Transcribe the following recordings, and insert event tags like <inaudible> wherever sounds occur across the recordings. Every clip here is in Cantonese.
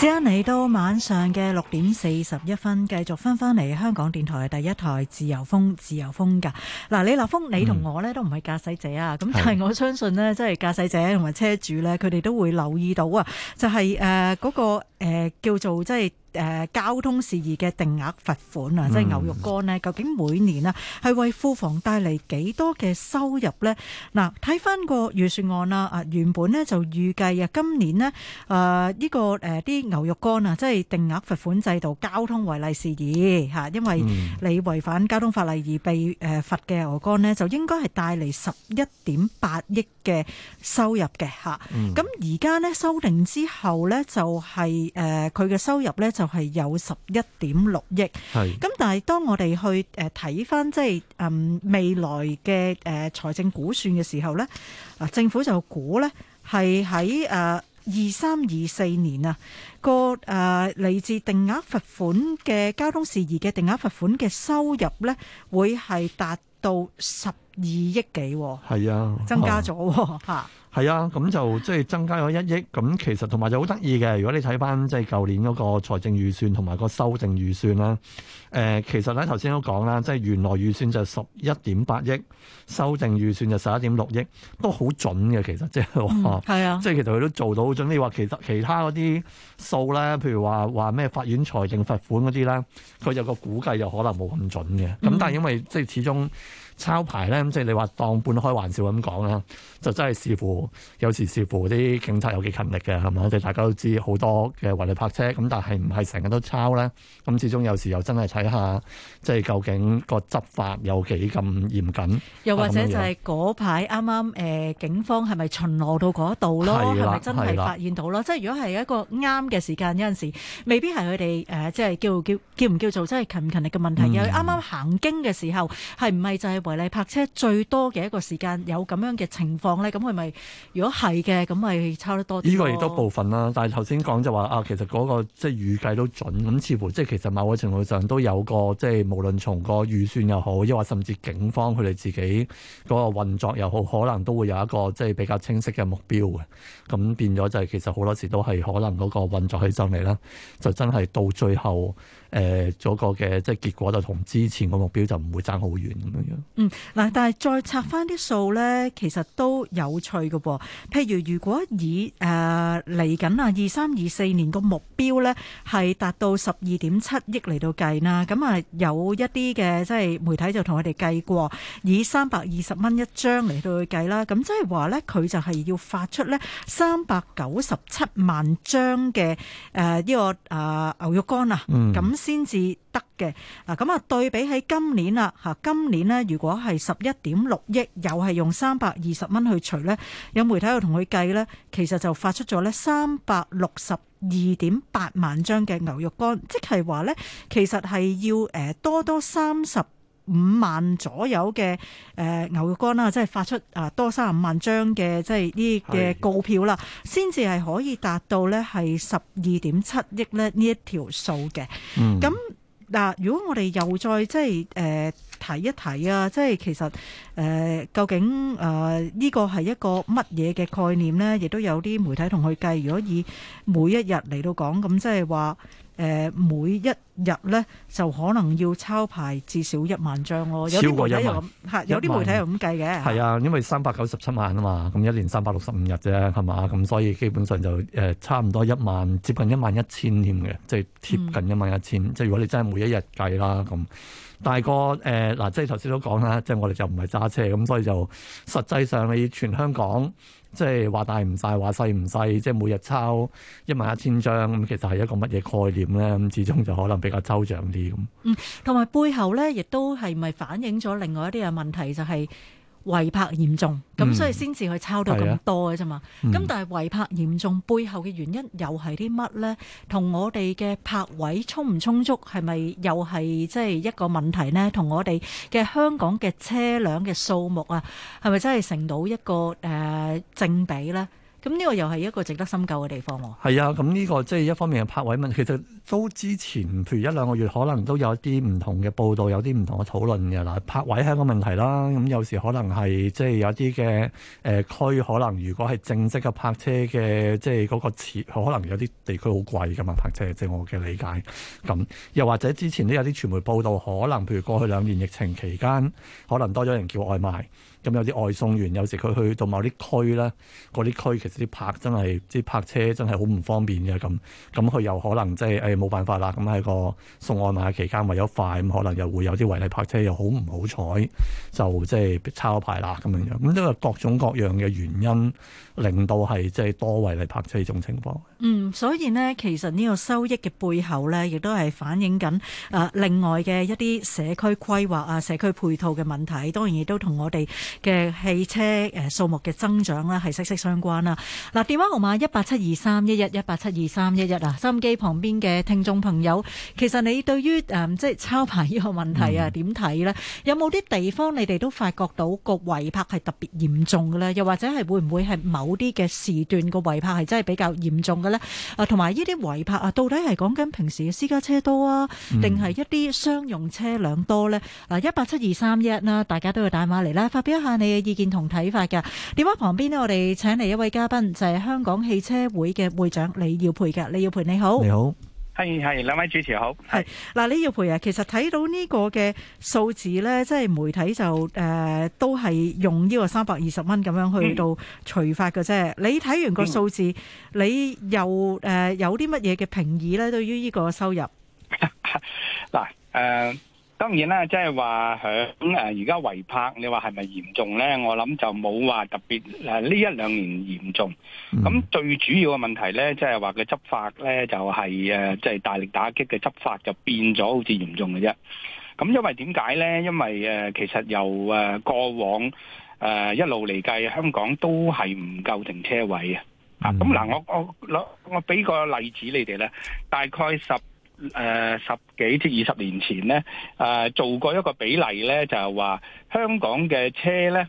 接翻嚟到晚上嘅六點四十一分，繼續翻翻嚟香港電台第一台自《自由風》，自由風噶嗱，李立峰，你同我咧都唔係駕駛者啊，咁、嗯、但係我相信咧，即係駕駛者同埋車主咧，佢哋都會留意到啊、就是，就係誒嗰個誒、呃、叫做即係。誒交通事宜嘅定額罰款啊，嗯、即係牛肉乾咧，究竟每年啊係為庫房帶嚟幾多嘅收入咧？嗱，睇翻個預算案啦，啊原本咧就預計啊今年咧誒呢個誒啲、呃、牛肉乾啊，即係定額罰款制度，交通違例事宜，吓，因為你違反交通法例而被誒罰嘅牛肉乾咧，就應該係帶嚟十一點八億嘅收入嘅吓。咁而家咧修訂之後咧，就係誒佢嘅收入咧。就係有十一點六億，咁是但係當我哋去誒睇返即係誒、嗯、未來嘅誒財政估算嘅時候咧，啊政府就估咧係喺誒二三二四年啊個誒嚟自定額罰款嘅交通事宜嘅定額罰款嘅收入咧，會係達到十二億幾，係啊，增加咗吓。啊 <laughs> 係啊，咁就即係增加咗一億，咁其實同埋就好得意嘅。如果你睇翻即係舊年嗰個財政預算同埋個修正預算啦。誒、呃，其實咧頭先都講啦，即係原來預算就十一點八億，修正預算就十一點六億，都好準嘅。其實即係係啊，即係其實佢都做到準，即係你話其實其他嗰啲數咧，譬如話話咩法院財政罰款嗰啲咧，佢有個估計又可能冇咁準嘅。咁、嗯、但係因為即係始終。抄牌咧，咁即係你話當半開玩笑咁講啦，就真係視乎有時視乎啲警察有幾勤力嘅，係嘛？即係大家都知好多嘅違例泊車，咁但係唔係成日都抄咧？咁始終有時又真係睇下，即係究竟個執法有幾咁嚴謹？又或者就係嗰排啱啱誒警方係咪巡邏到嗰度咯？係咪真係發現到咯？啦啦即係如果係一個啱嘅時間有陣時，未必係佢哋誒即係叫叫叫唔叫做真係勤唔勤力嘅問題。又啱啱行經嘅時候係唔係就係、是？為你泊車最多嘅一個時間有咁樣嘅情況咧，咁佢咪如果係嘅，咁咪抄得多啲？呢個亦都部分啦，但係頭先講就話啊，其實嗰個即係預計都準，咁似乎即係其實某個程度上都有個即係無論從個預算又好，抑或甚至警方佢哋自己嗰個運作又好，可能都會有一個即係比較清晰嘅目標嘅。咁變咗就係，其實好多時都係可能嗰個運作起上嚟啦，就真係到最後。誒，嗰、呃、個嘅即係結果就同之前個目標就唔會爭好遠咁樣樣。嗯，嗱，但係再拆翻啲數咧，其實都有趣嘅、哦。譬如如果以誒嚟緊啊，二三二四年個目標咧係達到十二點七億嚟到計啦。咁啊，有一啲嘅即係媒體就同佢哋計過，以三百二十蚊一張嚟到去計啦。咁即係話咧，佢就係要發出呢三百九十七萬張嘅誒呢個啊、呃、牛肉乾啊。咁、嗯。嗯。先至得嘅。嗱，咁啊對比起今年啦嚇、啊，今年呢，如果係十一點六億，又係用三百二十蚊去除呢。有媒體又同佢計呢，其實就發出咗呢三百六十二點八萬張嘅牛肉乾，即係話呢，其實係要誒多多三十。五萬左右嘅誒牛肉乾啦，即係發出啊多三十五萬張嘅即係呢啲告票啦，先至係可以達到呢係十二點七億咧呢一條數嘅。咁嗱、嗯，如果我哋又再即係誒提一提啊，即係其實誒、呃、究竟誒呢、呃這個係一個乜嘢嘅概念呢？亦都有啲媒體同佢計，如果以每一日嚟到講，咁即係話誒每一。入咧就可能要抄牌至少一萬張咯、哦，有啲媒體又咁嚇，有啲媒體又咁計嘅。係啊，因為三百九十七萬啊嘛，咁一年三百六十五日啫，係嘛？咁所以基本上就誒差唔多一萬，接近一萬一千添嘅，即、就、係、是、貼近一萬一千。嗯、即係如果你真係每一日計啦咁，大、嗯那個誒嗱、呃，即係頭先都講啦，即係我哋就唔係揸車咁，所以就實際上你全香港即係話大唔大、話細唔細，即係每日抄一萬一千張咁，其實係一個乜嘢概念咧？咁始終就可能比。啊，周長啲咁。嗯，同埋背後咧，亦都係咪反映咗另外一啲嘅問題，就係違泊嚴重，咁所以先至去抄到咁多嘅啫嘛。咁但係違泊嚴重背後嘅原因又係啲乜咧？同我哋嘅泊位充唔充足，係咪又係即係一個問題咧？同我哋嘅香港嘅車輛嘅數目啊，係咪真係成到一個誒正比咧？咁呢個又係一個值得深究嘅地方喎。係啊，咁呢個即係一方面嘅泊位問其實都之前譬如一兩個月，可能都有一啲唔同嘅報道，有啲唔同嘅討論嘅嗱。泊位係一個問題啦，咁有時可能係即係有啲嘅誒區，呃、區可能如果係正式嘅泊車嘅，即係、那、嗰個可能有啲地區好貴㗎嘛泊車，即、就、係、是、我嘅理解。咁又或者之前都有啲傳媒報道，可能譬如過去兩年疫情期間，可能多咗人叫外賣。咁有啲外送員，有時佢去到某啲區咧，嗰啲區其實啲泊真係即係泊車真係好唔方便嘅。咁咁佢又可能即係誒冇辦法啦。咁喺個送外賣期間，為咗快咁，可能又會有啲違例泊車，又好唔好彩就即係抄牌啦咁樣樣。咁因為各種各樣嘅原因，令到係即係多違例泊車呢種情況。嗯，所以呢，其實呢個收益嘅背後咧，亦都係反映緊誒、呃、另外嘅一啲社區規劃啊、社區配套嘅問題。當然亦都同我哋。嘅汽車誒數目嘅增長咧，係息息相關啦。嗱，電話號碼一八七二三一一一八七二三一一啊，收音機旁邊嘅聽眾朋友，其實你對於誒、嗯、即係抄牌呢個問題啊點睇呢？有冇啲地方你哋都發覺到個違泊係特別嚴重嘅呢？又或者係會唔會係某啲嘅時段個違泊係真係比較嚴重嘅呢？啊，同埋呢啲違泊啊，到底係講緊平時嘅私家車多啊，定係一啲商用車輛多呢？嗱，一八七二三一啦，大家都有打電話嚟啦，發表下你嘅意見同睇法嘅，電話旁邊呢，我哋請嚟一位嘉賓，就係香港汽車會嘅會長李耀培。嘅李耀培你好，你好係係兩位主持好係嗱，李耀培啊，其實睇到呢個嘅數字呢，即係媒體就誒都係用呢個三百二十蚊咁樣去到除法嘅啫。你睇完個數字，你又誒有啲乜嘢嘅評議呢？對於呢個收入嗱誒。當然啦，即係話響誒而家違泊，你話係咪嚴重咧？我諗就冇話特別誒呢一兩年嚴重。咁最主要嘅問題咧，即係話佢嘅執法咧，就係誒即係大力打擊嘅執法就變咗好似嚴重嘅啫。咁因為點解咧？因為誒其實由誒過往誒、呃、一路嚟計，香港都係唔夠停車位、嗯、啊。咁嗱，我我攞我俾個例子你哋咧，大概十，誒十幾至二十年前呢，誒做過一個比例呢，就係話香港嘅車呢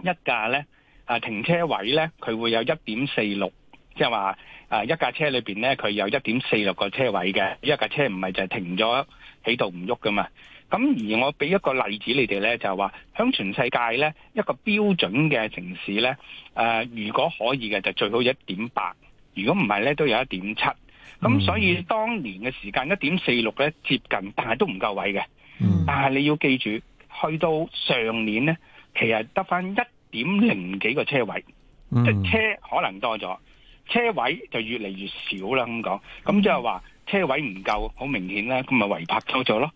一架呢，啊停車位呢，佢會有一點四六，即係話啊一架車裏邊呢，佢有一點四六個車位嘅，一架車唔係就係停咗喺度唔喐噶嘛。咁而我俾一個例子你哋呢就係話向全世界呢，一個標準嘅城市呢，誒如果可以嘅就最好一點八，如果唔係呢，都有一點七。咁、mm hmm. 所以當年嘅時間一點四六咧接近，但係都唔夠位嘅。Mm hmm. 但係你要記住，去到上年咧，其實得返一點零幾個車位，即係、mm hmm. 車可能多咗，車位就越嚟越少啦。咁講，咁即係話車位唔夠，好明顯啦。咁咪違泊多咗咯。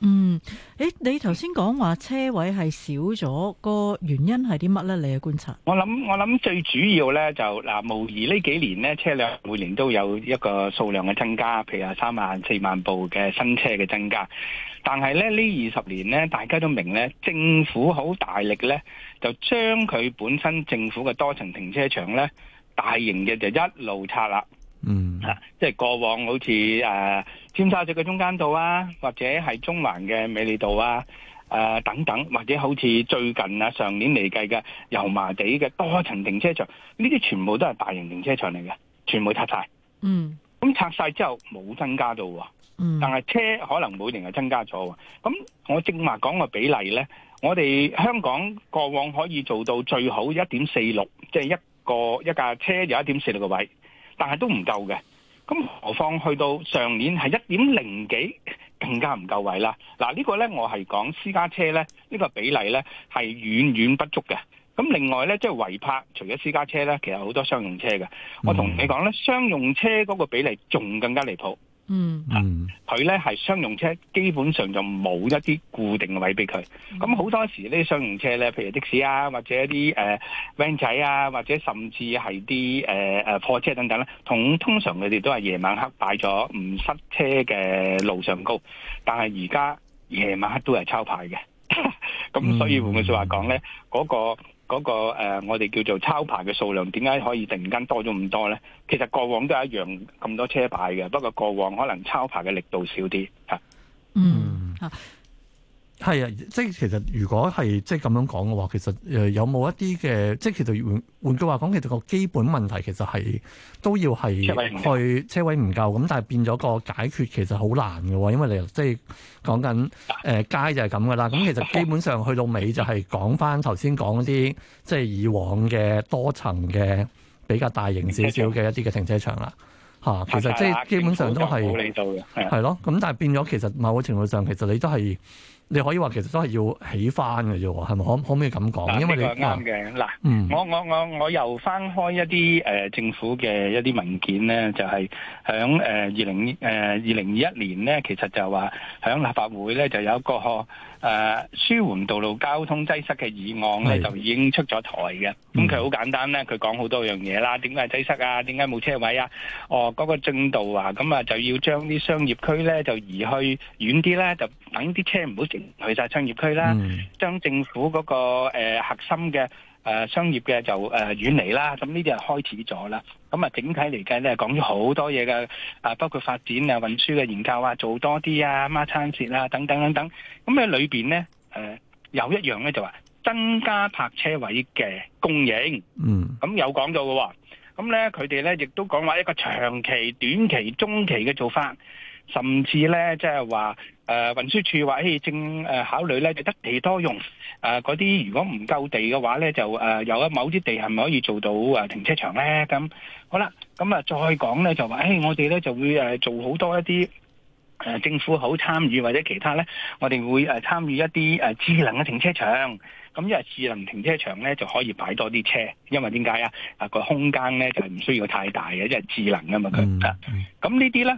嗯，誒，你頭先講，話車位係少咗，個原因係啲乜呢？你嘅觀察？我諗我諗最主要呢，就嗱，無疑呢幾年呢，車輛每年都有一個數量嘅增加，譬如啊三萬四萬部嘅新車嘅增加，但係咧呢二十年呢，大家都明呢，政府好大力呢，就將佢本身政府嘅多層停車場呢，大型嘅就一路拆啦。嗯吓、啊，即係過往好似誒、呃、尖沙咀嘅中間道啊，或者係中環嘅美利道啊，誒、呃、等等，或者好似最近啊上年嚟計嘅油麻地嘅多層停車場，呢啲全部都係大型停車場嚟嘅，全部拆晒。嗯，咁拆晒之後冇增加到喎、啊，嗯、但係車可能每年係增加咗、啊。咁我正話講個比例咧，我哋香港過往可以做到最好一點四六，即係一個一架車有一點四六個位。但係都唔夠嘅，咁何況去到上年係一點零幾更加唔夠位啦。嗱，呢個呢，我係講私家車呢，呢個比例呢係遠遠不足嘅。咁另外呢，即係違泊除咗私家車呢，其實好多商用車嘅。我同你講呢，商用車嗰個比例仲更加離譜。嗯，佢咧係商用車，基本上就冇一啲固定嘅位俾佢。咁好、嗯、多時呢啲商用車咧，譬如的士啊，或者一啲誒，van、呃、仔啊，或者甚至係啲誒誒貨車等等啦，同通常佢哋都係夜晚黑擺咗唔塞車嘅路上高，但係而家夜晚黑都係抄牌嘅。咁 <laughs> 所以換、嗯、句話說話講咧，嗰、嗯那個。嗰個、那個、呃、我哋叫做抄牌嘅數量點解可以突然間多咗咁多呢？其實過往都係一樣咁多車牌嘅，不過過往可能抄牌嘅力度少啲嚇。嗯 <laughs> 係啊，即係其實如果係即係咁樣講嘅話，其實誒有冇一啲嘅，即係其實換換句話講，其實個基本問題其實係都要係去車位唔夠，咁但係變咗個解決其實好難㗎，因為你即係講緊誒街就係咁嘅啦。咁其實基本上去到尾就係講返頭先講啲即係以往嘅多層嘅比較大型少少嘅一啲嘅停車場啦。嚇、啊，其實、啊、即係基本上都係冇理到嘅，係咯。咁但係變咗，其實某個程度上，其實你都係，你可以話其實都係要起翻嘅啫，係咪？可可唔可以咁講？啊、因為你啱嘅嗱，我我我我又翻開一啲誒、呃、政府嘅一啲文件咧，就係響誒二零誒二零二一年咧，其實就話響立法會咧就有一個。誒、uh, 舒緩道路交通擠塞嘅議案咧，的就已經出咗台嘅。咁佢好簡單咧，佢講好多樣嘢啦。點解係擠塞啊？點解冇車位啊？哦，嗰、那個進道正道啊，咁啊就要將啲商業區咧就移去遠啲咧，就等啲車唔好直去晒商業區啦。嗯、將政府嗰、那個、呃、核心嘅。誒商業嘅就誒、呃、遠離啦，咁呢啲係開始咗啦。咁、嗯、啊整體嚟計咧，講咗好多嘢嘅，啊包括發展啊、運輸嘅研究啊、做多啲啊、孖餐節啦等等等等。咁喺裏邊咧，誒、呃、有一樣咧就話增加泊車位嘅供應，嗯，咁、嗯、有講到嘅喎。咁咧佢哋咧亦都講話一個長期、短期、中期嘅做法，甚至咧即係話。就是誒，運輸、呃、處話誒，正、呃、誒考慮咧，就一地多用。誒、呃，嗰啲如果唔夠地嘅話咧，就誒，有、呃、一某啲地係咪可以做到誒、呃、停車場咧？咁好啦，咁啊再講咧，就話誒、欸，我哋咧就會誒、呃、做好多一啲誒、呃，政府好參與或者其他咧，我哋會誒參與一啲誒、呃、智能嘅停車場。咁、嗯、因為智能停車場咧就可以擺多啲車，因為點解啊？啊個空間咧就係唔需要太大嘅，因為智能嘛啊嘛佢。嗯。咁呢啲咧。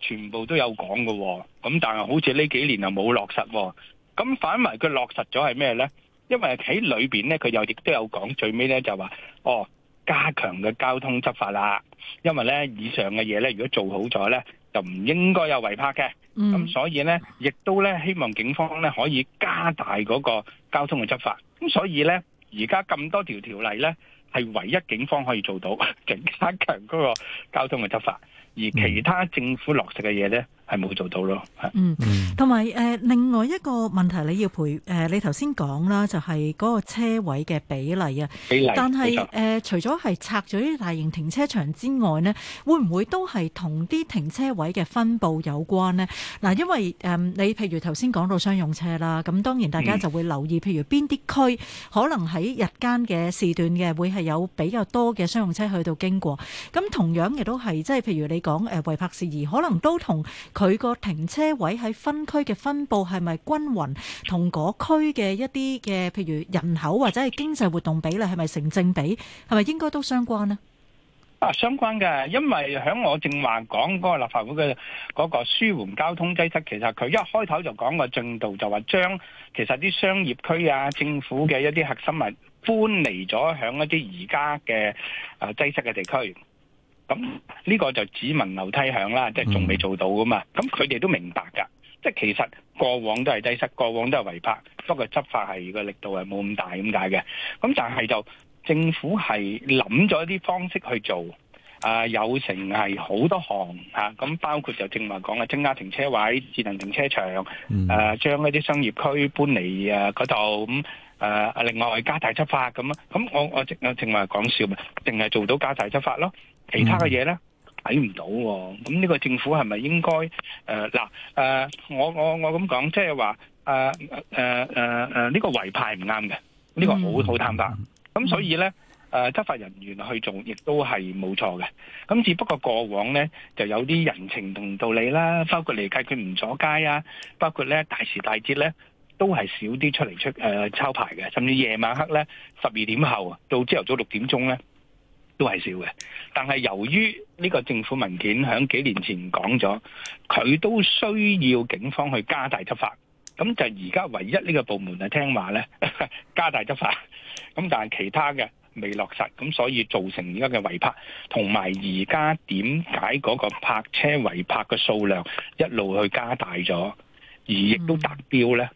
全部都有講㗎，咁但係好似呢幾年又冇落實。咁反埋佢落實咗係咩呢？因為喺裏邊呢，佢又亦都有講，最尾呢就話，哦，加強嘅交通執法啦。因為呢以上嘅嘢呢，如果做好咗呢，就唔應該有違泊嘅。咁所以呢，亦都呢希望警方呢可以加大嗰個交通嘅執法。咁所以呢，而家咁多條條例呢。係唯一警方可以做到，加強生強嗰個交通嘅執法，而其他政府落實嘅嘢咧。係冇做到咯，嗯，同埋誒另外一個問題，你要陪誒、呃、你頭先講啦，就係、是、嗰個車位嘅比例啊，比例，但係誒除咗係拆咗啲大型停車場之外呢會唔會都係同啲停車位嘅分佈有關呢？嗱、呃，因為誒、呃、你譬如頭先講到商用車啦，咁當然大家就會留意，嗯、譬如邊啲區可能喺日間嘅時段嘅會係有比較多嘅商用車去到經過，咁同樣亦都係即係譬如你講誒違泊事宜，可能都同。佢個停車位喺分區嘅分佈係咪均勻，同嗰區嘅一啲嘅譬如人口或者係經濟活動比例係咪成正比？係咪應該都相關呢？啊，相關嘅，因為喺我正話講嗰個立法會嘅嗰個舒緩交通擠塞，其實佢一開頭就講個進度，就話將其實啲商業區啊、政府嘅一啲核心物搬離咗喺一啲而家嘅啊擠塞嘅地區。咁呢、嗯、個就只聞樓梯響啦，即係仲未做到㗎嘛。咁佢哋都明白㗎，即係其實過往都係擠塞，過往都係違泊，不過執法係個力度係冇咁大咁解嘅。咁但係就政府係諗咗一啲方式去做，啊、呃、有成係好多項嚇，咁、啊、包括就正話講嘅增加停車位、智能停車場，誒、嗯呃、將一啲商業區搬嚟啊嗰度咁，誒、呃呃、另外加大執法咁啊。咁我我，我正我正，正話講笑，咪淨係做到加大執法咯。其他嘅嘢咧睇唔到，哦，咁呢個政府係咪應該誒嗱誒？我我我咁講，即係話誒誒誒誒，呢、呃呃呃呃這個違泊唔啱嘅，呢、這個好好坦白。咁所以咧誒、呃，執法人員去做亦都係冇錯嘅。咁只不過過往咧就有啲人情同道理啦，包括嚟解決唔阻街啊，包括咧大時大節咧都係少啲出嚟出誒、呃、抄牌嘅，甚至夜晚黑咧十二點後到朝頭早六點鐘咧。都係少嘅，但係由於呢個政府文件喺幾年前講咗，佢都需要警方去加大執法，咁就而家唯一呢個部門係聽話咧， <laughs> 加大執法，咁但係其他嘅未落實，咁所以造成而家嘅違泊，同埋而家點解嗰個泊車違泊嘅數量一路去加大咗，而亦都達標咧。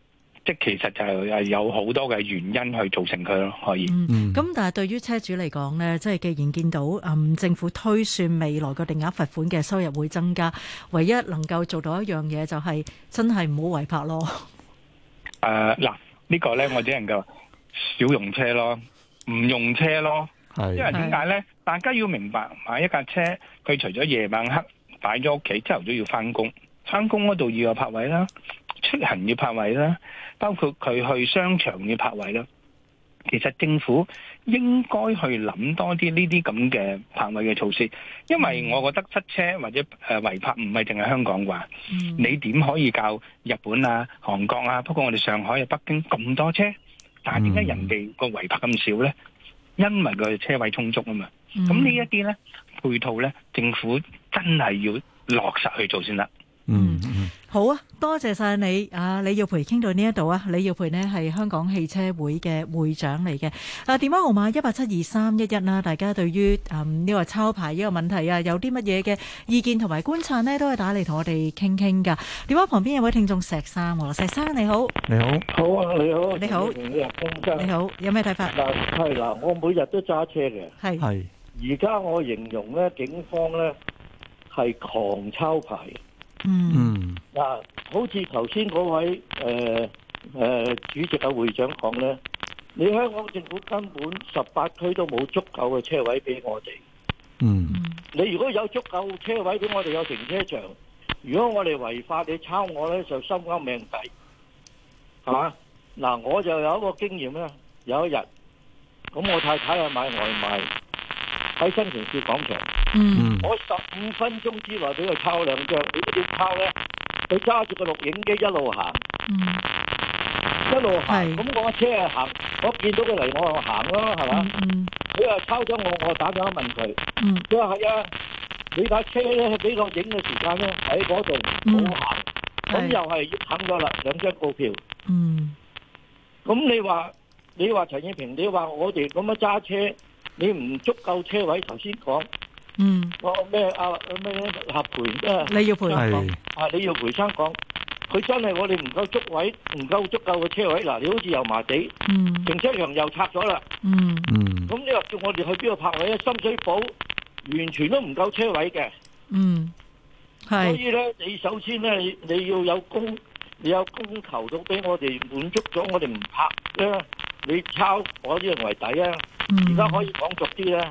即其實就係有好多嘅原因去造成佢咯，可以。嗯，咁但係對於車主嚟講呢，即係既然見到誒政府推算未來個定額罰款嘅收入會增加，唯一能夠做到一樣嘢就係真係唔好違泊咯。誒嗱，呢個呢，我只能夠少用車咯，唔用車咯。係，因為點解呢？大家要明白，買一架車，佢除咗夜晚黑擺咗屋企，朝頭早要返工，返工嗰度要有泊位啦。出行要泊位啦，包括佢去商場要泊位啦。其實政府應該去諗多啲呢啲咁嘅泊位嘅措施，因為我覺得塞車或者誒違泊唔係淨係香港啩，嗯、你點可以教日本啊、韓國啊，不過我哋上海啊、北京咁多車，但係點解人哋個違泊咁少咧？因為佢車位充足啊嘛。咁呢一啲咧配套咧，政府真係要落實去做先得。嗯，嗯，好啊，多謝晒你啊！李耀培傾到陪呢一度啊，李耀培呢係香港汽車會嘅會長嚟嘅。啊，電話號碼一八七二三一一啦。大家對於誒呢個抄牌呢個問題啊，有啲乜嘢嘅意見同埋觀察呢，都係打嚟同我哋傾傾噶。電話、啊、旁邊有位聽眾石生、啊，石生你好，你好，你好，好啊，你好，你好，你好，你好，有咩睇法？係啦，啦，我每日都揸車嘅，係係是。而家是我形容呢，警方呢，係狂抄牌。嗯，嗱、mm，hmm. 好似頭先嗰位誒誒、呃呃、主席啊會長講呢：「你香港政府根本十八區都冇足夠嘅車位俾我哋。嗯、mm，hmm. 你如果有足夠車位俾我哋有停車場，如果我哋違法你抄我呢，就心甘命抵，係嘛？嗱、mm hmm.，我就有一個經驗咧，有一日，咁我太太去買外賣喺新城市廣場。嗯，mm hmm. 我十五分鐘之內俾佢抄兩張，點解抄咧？佢揸住個錄影機一路行，mm hmm. 一路行，咁我、mm hmm. 車係行，我見到佢嚟，我行啦，係嘛？佢又、mm hmm. 抄咗我，我打電話問佢，佢話係啊，你架車咧比較影嘅時間咧喺嗰度冇行，咁又係冚咗啦，兩張告票。嗯、mm，咁、hmm. 你話你話陳燕平，你話我哋咁樣揸車，你唔足夠車位，頭先講。嗯，我咩阿咩合賠啫？你要賠生講，啊你要賠生講，佢真係我哋唔夠足位，唔夠足夠嘅車位。嗱，你好似油麻地，停車場又拆咗啦。嗯，咁你又叫我哋去邊度泊位咧？深水埗完全都唔夠車位嘅。嗯，係。所以咧，你首先咧，你你要有供，你有供求到俾我哋滿足咗，我哋唔泊咧，你抄我啲人為底啊。嗯，而家可以講俗啲咧。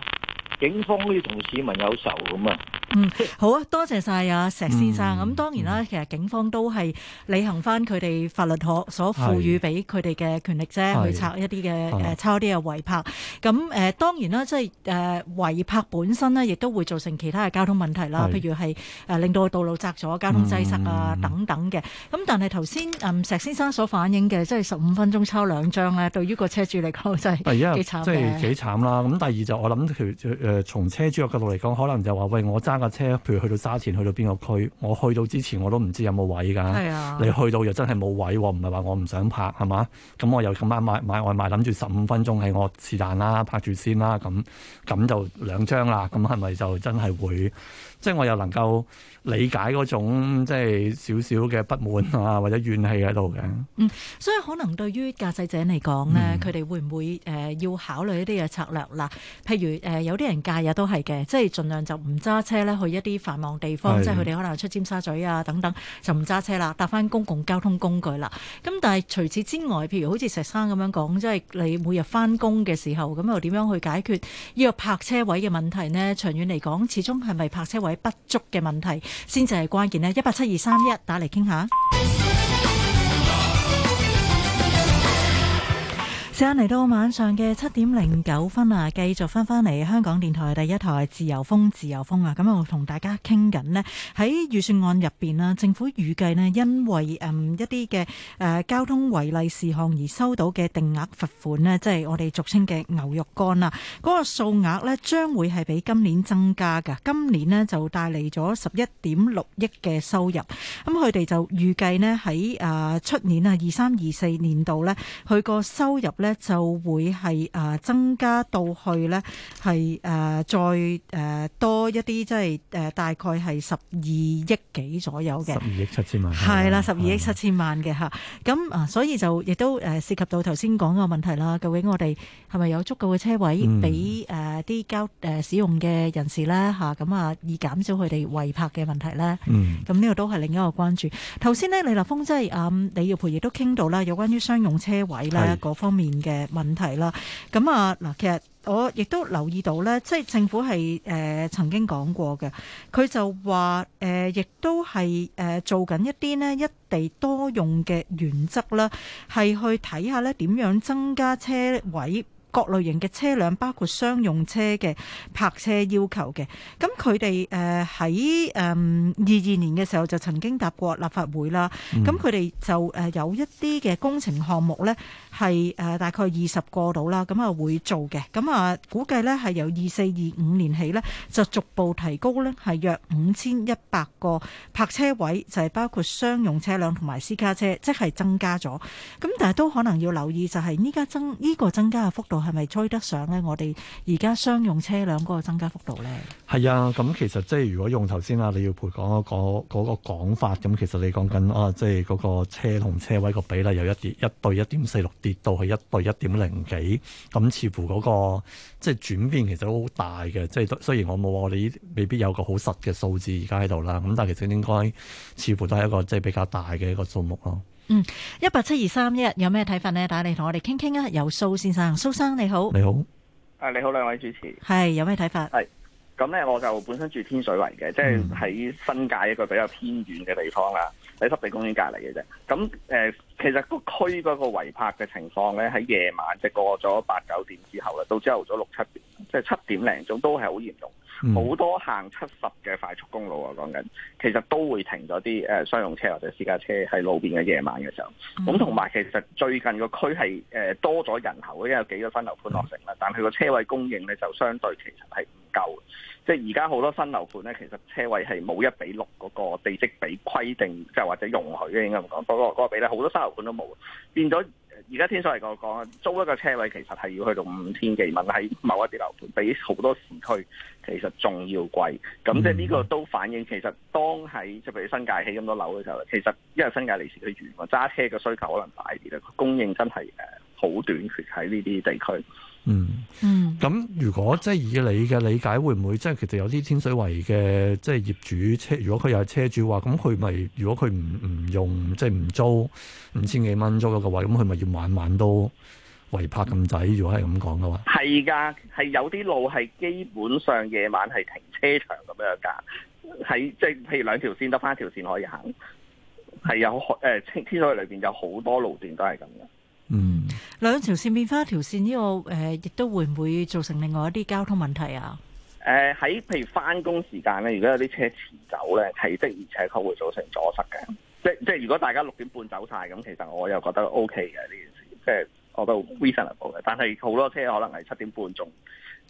警方好似同市民有仇咁啊！嗯，好啊，多謝晒啊石先生。咁、嗯、當然啦，其實警方都係履行翻佢哋法律所賦予俾佢哋嘅權力啫，是去拆一啲嘅誒抄啲嘅違泊。咁誒是、啊嗯、當然啦，即係誒違泊本身咧，亦都會造成其他嘅交通問題啦，譬如係誒令到道路窄咗交通擠塞啊等等嘅。咁但係頭先嗯石先生所反映嘅，即係十五分鐘抄兩張咧，對於個車主嚟講真係幾慘，即係幾慘啦。咁第二就我諗佢誒從車主嘅角度嚟講可能就話：喂，我爭。架車，譬如去到沙田，去到邊個區？我去到之前，我都唔知有冇位㗎。係啊，你去到又真係冇位，唔係話我唔想拍，係嘛？咁我又咁啱買買外賣，諗住十五分鐘係我是但啦，拍住先啦。咁咁就兩張啦。咁係咪就真係會？即係我又能夠理解嗰種即係少少嘅不滿啊，或者怨氣喺度嘅。嗯，所以可能對於駕駛者嚟講咧，佢哋會唔會誒要考慮一啲嘅策略？嗱，譬如誒有啲人假日都係嘅，即係盡量就唔揸車咧。去一啲繁忙地方，是即係佢哋可能出尖沙咀啊等等，就唔揸車啦，搭翻公共交通工具啦。咁但係除此之外，譬如好似石生咁樣講，即係你每日翻工嘅時候，咁又點樣去解決呢個泊車位嘅問題呢？長遠嚟講，始終係咪泊車位不足嘅問題先至係關鍵呢？一八七二三一打嚟傾下。時間嚟到晚上嘅七點零九分啊，繼續翻翻嚟香港電台第一台自由風，自由風啊！咁、嗯、啊，同大家傾緊咧喺預算案入邊啦，政府預計咧因為誒、嗯、一啲嘅誒交通違例事項而收到嘅定額罰款咧，即係我哋俗稱嘅牛肉乾啊、嗰個數額咧將會係比今年增加噶。今年咧就帶嚟咗十一點六億嘅收入，咁佢哋就預計咧喺誒出年啊二三二四年度咧，佢個收入咧。就會係誒增加到去咧、呃，係誒再誒多一啲，即係誒、呃、大概係十二億幾左右嘅十二億七千萬，係啦的，十二的億七千萬嘅嚇。咁啊的，所以就亦都誒涉及到頭先講個問題啦。究竟我哋係咪有足夠嘅車位俾誒啲交誒使用嘅人士咧嚇？咁啊，以減少佢哋違泊嘅問題咧。咁呢、嗯、個都係另一個關注。頭先呢，李立峰即係、呃、李耀培亦都傾到啦，有關於商用車位啦，嗰方面。嘅問題啦，咁啊嗱，其實我亦都留意到咧，即係政府係誒曾經講過嘅，佢就話誒，亦都係誒做緊一啲呢一地多用嘅原則啦，係去睇下咧點樣增加車位。各類型嘅車輛包括商用車嘅泊車要求嘅。咁佢哋誒，喺誒二二年嘅時候就曾經答過立法會啦。咁佢哋就誒有一啲嘅工程項目咧，係誒大概二十個度啦。咁啊會做嘅。咁啊估計咧係由二四二五年起咧，就逐步提高咧，係約五千一百個泊車位，就係包括商用車輛同埋私家車即係增加咗。咁但係都可能要留意，就係依家增呢個增加嘅幅度。係咪追得上咧？我哋而家商用車輛嗰個增加幅度咧？係啊，咁其實即係如果用頭先啊李耀培講嗰嗰嗰個講、嗰個、法，咁其實你講緊、嗯、啊，即係嗰個車同車位個比例由一跌一對一點四六跌到去一對一點零幾，咁似乎嗰、嗰個即係轉變其實都好大嘅。即係雖然我冇我哋未必有個好實嘅數字而家喺度啦，咁但係其實應該似乎都係一個即係比較大嘅一個數目咯。嗯，一八七二三一，有咩睇法呢？打嚟同我哋傾傾啊，有蘇先生，蘇生你好。你好，啊你好兩位主持，係有咩睇法？係咁咧，我就本身住天水圍嘅，即係喺新界一個比較偏遠嘅地方啦，喺濕地公園隔籬嘅啫。咁誒、呃，其實區個區嗰個圍泊嘅情況咧，喺夜晚即係過咗八九點之後啦，到朝頭早六七點，即係七點零鐘都係好嚴重。好、嗯、多行七十嘅快速公路啊，講緊其實都會停咗啲誒商用車或者私家車喺路邊嘅夜晚嘅時候。咁同埋其實最近個區係誒多咗人口，因為有幾個新樓盤落成啦，嗯、但佢個車位供應咧就相對其實係唔夠。即係而家好多新樓盤咧，其實車位係冇一比六嗰個地積比規定，即係或者容許應該唔講嗰個個比例，好多新樓盤都冇變咗。而家天水圍講講，租一個車位其實係要去到五千幾蚊。喺某一啲樓盤比好多市區其實仲要貴。咁即係呢個都反映，其實當喺即譬如新界起咁多樓嘅時候，其實因為新界離市區遠，揸車嘅需求可能大啲啦，供應真係誒好短缺喺呢啲地區。嗯，嗯，咁如果即係以你嘅理解，會唔會即係其實有啲天水圍嘅即係業主車，如果佢又係車主話，咁佢咪如果佢唔唔用即係唔租五千幾蚊租嘅話，咁佢咪要晚晚都圍泊咁滯？如果係咁講嘅話，係噶，係、嗯、有啲路係基本上夜晚係停車場咁樣噶，喺即係譬如兩條線得翻一條線可以行，係有誒、呃、天水圍裏邊有好多路段都係咁樣。嗯，兩條線變翻一條線呢、這個誒、呃，亦都會唔會造成另外一啲交通問題啊？誒、呃，喺譬如翻工時間咧，如果有啲車遲走咧，係的，而且確會造成阻塞嘅、嗯。即即如果大家六點半走晒，咁其實我又覺得 OK 嘅呢件事，即我都 reasonable 嘅。但係好多車可能係七點半仲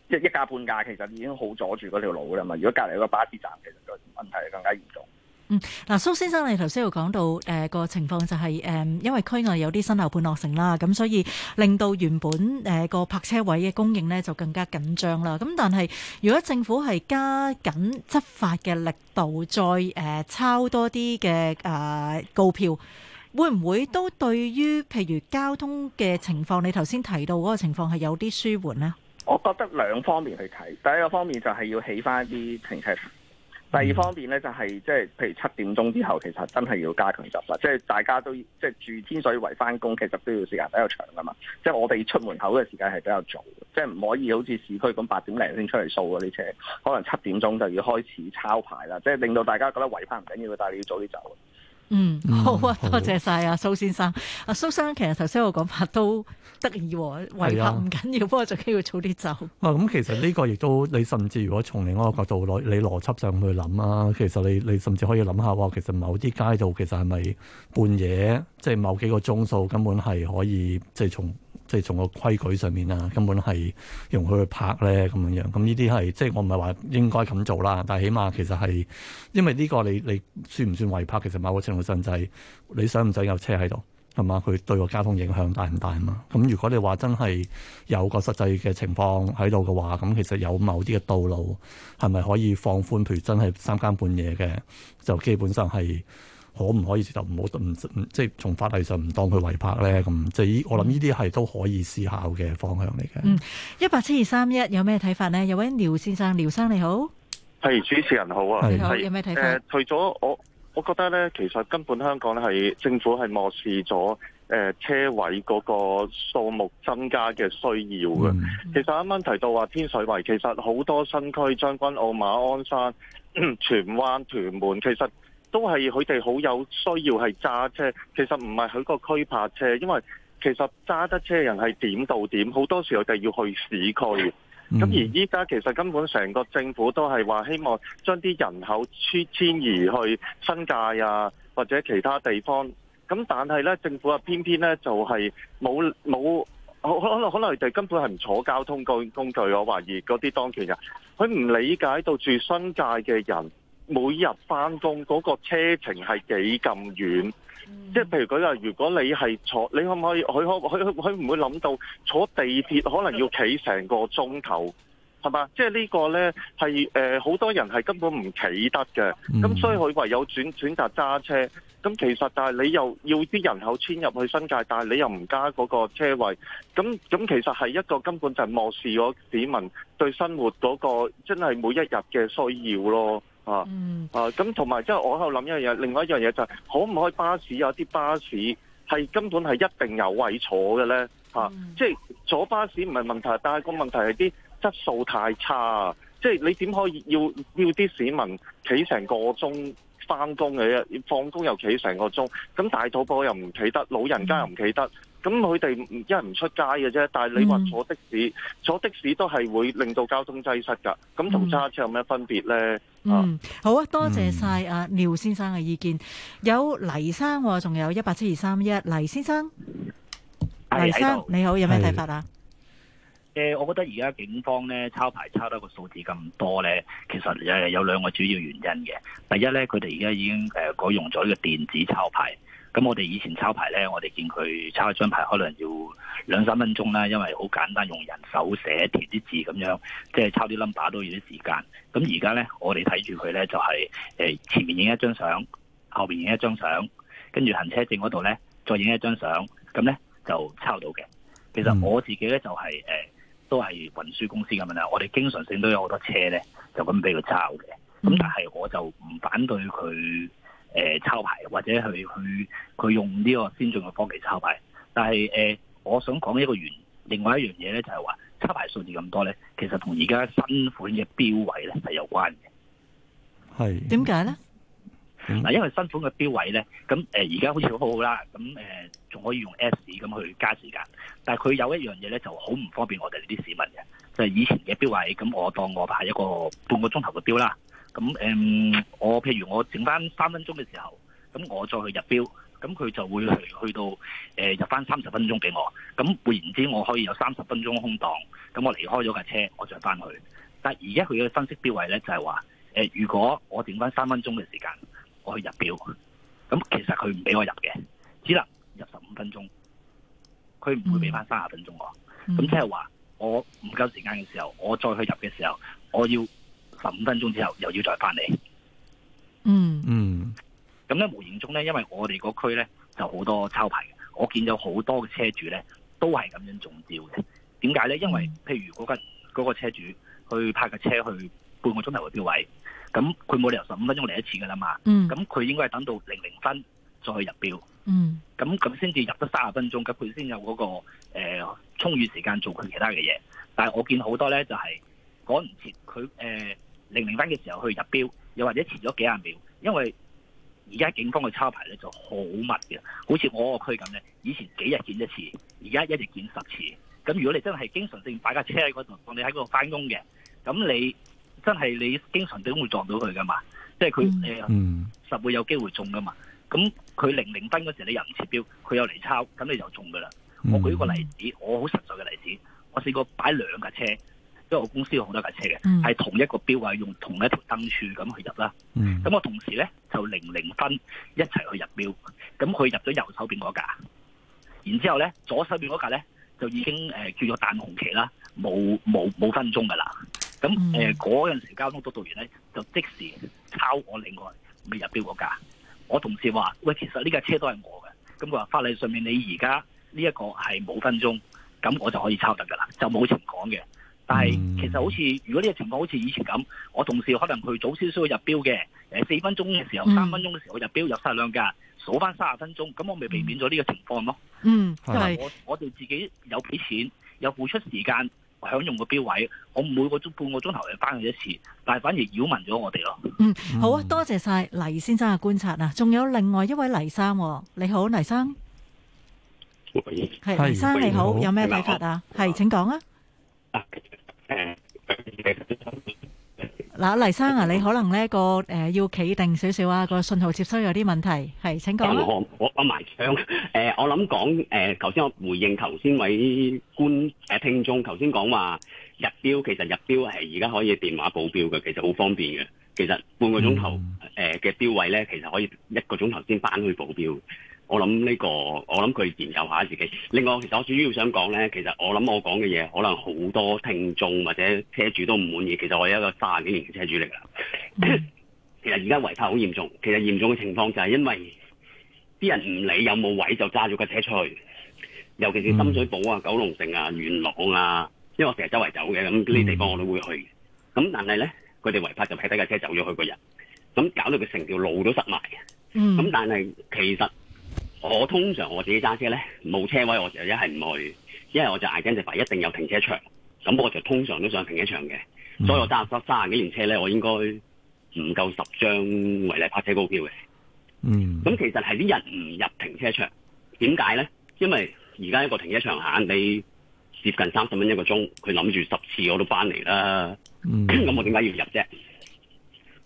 即一,一架半架，其實已經好阻住嗰條路噶啦嘛。如果隔離有個巴士站，其實個問題更加嚴重。嗱、嗯，蘇先生，你頭先又講到，誒、呃、個情況就係、是，誒、呃、因為區內有啲新樓盤落成啦，咁、嗯、所以令到原本誒個、呃、泊車位嘅供應呢就更加緊張啦。咁、嗯、但係，如果政府係加緊執法嘅力度，再誒、呃、抄多啲嘅啊告票，會唔會都對於譬如交通嘅情況，你頭先提到嗰個情況係有啲舒緩呢？我覺得兩方面去睇，第一個方面就係要起翻啲停車場。第二方面咧就係即係，譬如七點鐘之後，其實真係要加強執法，即係大家都即係住天水圍翻工，其實都要時間比較長噶嘛。即係我哋出門口嘅時間係比較早，即係唔可以好似市區咁八點零先出嚟掃嗰啲車，可能七點鐘就要開始抄牌啦。即係令到大家覺得圍翻唔緊要，但係你要早啲走。嗯，好啊，多謝晒啊蘇先生。阿好蘇生其實頭先我講話都得意喎，遺憾唔緊 <laughs> 要，不過就希望早啲走。哇、嗯，咁其實呢個亦都你甚至如果從另一個角度來，你邏輯上去諗啊，其實你你甚至可以諗下話，其實某啲街道其實係咪半夜即係、就是、某幾個鐘數根本係可以即係、就是、從。即係從個規矩上面啊，根本係容許佢去泊咧咁樣樣。咁呢啲係即係我唔係話應該咁做啦，但係起碼其實係，因為呢個你你算唔算違泊？其實某個程度上就係、是、你想唔想有車喺度係嘛？佢對個交通影響大唔大嘛？咁如果你話真係有個實際嘅情況喺度嘅話，咁其實有某啲嘅道路係咪可以放寬？譬如真係三更半夜嘅，就基本上係。可唔可以就唔好唔即係從法例上唔當佢違泊咧？咁即係我諗呢啲係都可以思考嘅方向嚟嘅。嗯，一八七二三一有咩睇法呢？有位廖先生，廖生你好，係。主持人好啊。你好。嗯，有咩睇法？除咗我，我覺得咧，其實根本香港係政府係漠視咗誒、呃、車位嗰個數目增加嘅需要嘅，嗯。其實啱啱提到話天水圍其實好多新區將軍澳、馬鞍山、荃灣屯門其實。都係佢哋好有需要係揸車，其實唔係佢個區泊車，因為其實揸得車人係點到點，好多時候就要去市區。咁而依家其實根本成個政府都係話希望將啲人口遷遷移去新界啊，或者其他地方。咁但係呢，政府啊偏偏呢就係冇冇可能可能佢哋根本係唔坐交通工工具。我懷疑嗰啲當權人，佢唔理解到住新界嘅人。每日返工嗰個車程係幾咁遠，即係譬如佢話，如果你係坐，你可唔可以？佢可佢唔會諗到坐地鐵可能要企成個鐘頭，係嘛？即係呢個呢，係、呃、誒，好多人係根本唔企得嘅，咁所以佢唯有轉選擇揸車。咁其實但係你又要啲人口遷入去新界，但係你又唔加嗰個車位，咁咁其實係一個根本就漠視咗市民對生活嗰、嗰個真係每一日嘅需要咯。嗯、啊，啊，咁同埋即係我喺度諗一樣嘢，另外一樣嘢就係、是、可唔可以巴士有啲，啊、巴士係根本係一定有位坐嘅咧？吓、啊，嗯、即係坐巴士唔係問題，但係個問題係啲質素太差，即係你點可以要要啲市民企成個鐘？翻工嘅啫，放工又企成個鐘，咁大肚婆又唔企得，老人家又唔企得，咁佢哋一係唔出街嘅啫。但係你話坐的士，嗯、坐的士都係會令到交通擠塞噶，咁同揸車有咩分別咧？嗯、好啊，好多謝晒阿廖先生嘅意見。有黎生，仲有一八七二三一黎先生，黎生你好，有咩睇法啊？誒，我覺得而家警方咧抄牌抄得個數字咁多咧，其實誒有兩個主要原因嘅。第一咧，佢哋而家已經誒改、呃，用咗個電子抄牌。咁我哋以前抄牌咧，我哋見佢抄一張牌可能要兩三分鐘啦，因為好簡單用人手寫填啲字咁樣，即係抄啲 number 都要啲時間。咁而家咧，我哋睇住佢咧就係、是、誒前面影一張相，後邊影一張相，跟住行車證嗰度咧再影一張相，咁咧就抄到嘅。其實我自己咧就係、是、誒。嗯都係運輸公司咁樣啦，我哋經常性都有好多車咧，就咁俾佢抄嘅。咁但係我就唔反對佢誒、呃、抄牌，或者係去佢用呢個先進嘅科技抄牌。但係誒、呃，我想講一個原另外一樣嘢咧，就係話抄牌數字咁多咧，其實同而家新款嘅標位咧係有關嘅。係點解咧？嗱，嗯、因為新款嘅標位咧，咁誒而家好似好好啦，咁誒仲可以用 S 咁去加時間。但係佢有一樣嘢咧，就好唔方便我哋呢啲市民嘅，就係、是、以前嘅標位，咁我當我排一個半個鐘頭嘅標啦。咁誒，我譬如我剩翻三分鐘嘅時候，咁我再去入標，咁佢就會去去到誒入翻三十分鐘俾我。咁換言之，我可以有三十分鐘空檔，咁我離開咗架車，我再翻去。但係而家佢嘅分析標位咧，就係話誒，如果我剩翻三分鐘嘅時間。我去入表，咁其實佢唔俾我入嘅，只能入十五分鐘，佢唔會俾翻三十分鐘、嗯、我。咁即係話我唔夠時間嘅時候，我再去入嘅時候，我要十五分鐘之後又要再翻嚟。嗯嗯，咁咧無形中咧，因為我哋個區咧就好多抄牌，我見咗好多嘅車主咧都係咁樣中招嘅。點解咧？因為譬如嗰個嗰個車主去拍嘅車去。半個鐘頭嘅票位，咁佢冇理由十五分鐘嚟一次噶啦嘛。咁佢、mm. 應該係等到零零分再去入標。咁咁先至入得三十分鐘，咁佢先有嗰、那個誒充裕時間做佢其他嘅嘢。但係我見好多咧，就係趕唔切佢誒零零分嘅時候去入標，又或者遲咗幾廿秒。因為而家警方嘅抄牌咧就好密嘅，好似我個區咁咧，以前幾日見一次，而家一日見十次。咁如果你真係經常性擺架車喺嗰度，當你喺嗰度翻工嘅，咁你。真係你經常都會撞到佢噶嘛？即係佢誒，實、嗯呃、會有機會中噶嘛？咁佢零零分嗰時你又唔切標，佢又嚟抄，咁你就中噶啦。嗯、我舉一個例子，我好實在嘅例子，我試過擺兩架車，因為我公司有好多架車嘅，係、嗯、同一個標啊，用同一條燈柱咁去入啦。咁、嗯、我同時咧就零零分一齊去入標，咁佢入咗右手邊嗰架，然之後咧左手邊嗰架咧就已經誒叫咗彈紅旗啦，冇冇冇分鐘噶啦。咁誒，嗰陣、嗯、時交通督導員咧，就即時抄我另外未入標嗰架。我同事話：喂，其實呢架車都係我嘅。咁佢話法例上面，你而家呢一個係五分鐘，咁我就可以抄得噶啦，就冇情況嘅。但係其實好似如果呢個情況好似以前咁，我同事可能佢早少少入標嘅，誒四分鐘嘅時候，三分鐘嘅時候入標，嗯、入晒兩架，數翻三十分鐘，咁我咪避免咗呢個情況咯。嗯，係我我哋自己有俾錢，有付出時間。享用個標位，我每個鐘半個鐘頭嚟翻佢一次，但係反而擾民咗我哋咯。嗯，好啊，多謝晒黎先生嘅觀察啊！仲有另外一位黎生，你好黎生，係黎生你好，有咩睇法啊？係，請講啊。嗱，黎生啊，你可能咧個誒要企定少少啊，個信、呃、號接收有啲問題，係請講、嗯。我我,我埋槍誒、呃，我諗講誒，頭、呃、先我回應頭先位觀誒、呃、聽眾，頭先講話入錶，其實入錶係而家可以電話補錶嘅，其實好方便嘅。其實半個鐘頭誒嘅錶位咧，其實可以一個鐘頭先返去補錶。我諗呢、這個，我諗佢研究下自己。另外，其實我主要想講呢，其實我諗我講嘅嘢，可能好多聽眾或者車主都唔滿意。其實我係一個三十幾年嘅車主嚟噶、嗯、其實而家違泊好嚴重，其實嚴重嘅情況就係因為啲人唔理有冇位就揸咗架車出去，尤其是深水埗啊、九龍城啊、元朗啊，因為我成日周圍走嘅，咁呢啲地方我都會去。咁、嗯、但係呢，佢哋違泊就撇低架車走咗去個人，咁搞到佢成條路都塞埋。咁、嗯、但係其實。我通常我自己揸車咧，冇車位我就一係唔去，因為我就嗌 gentleman 一定有停車場，咁我就通常都上停車場嘅。嗯，所以我揸咗卅幾年車咧，我應該唔夠十張違例泊車告票嘅。嗯，咁其實係啲人唔入停車場，點解咧？因為而家一個停車場行，你接近三十蚊一個鐘，佢諗住十次我都翻嚟啦。嗯，咁 <laughs> 我點解要入啫？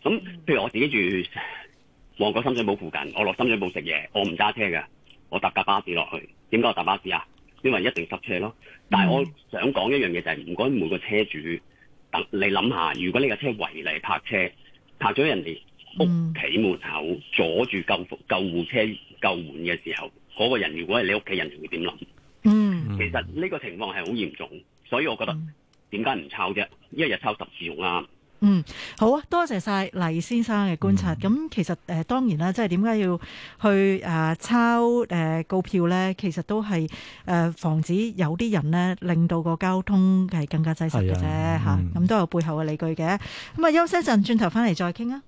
咁譬如我自己住。旺角深水埗附近，我落深水埗食嘢，我唔揸車嘅，我搭架巴士落去。點解我搭巴士啊？因為一定塞車咯。但係我想講一樣嘢就係、是，唔該每個車主，等你諗下，如果你架車違例泊車，泊咗人哋屋企門口，嗯、阻住救救護車救援嘅時候，嗰、那個人如果係你屋企人，會點諗？嗯，其實呢個情況係好嚴重，所以我覺得點解唔抄啫？一日抄十次用啱。嗯，好啊，多謝晒黎先生嘅觀察。咁、嗯、其實誒、呃，當然啦，即係點解要去誒、呃、抄誒告、呃、票咧？其實都係誒防止有啲人咧，令到個交通係更加擠塞嘅啫吓。咁、嗯啊、都有背後嘅理據嘅。咁啊，休息一陣，轉頭翻嚟再傾啊。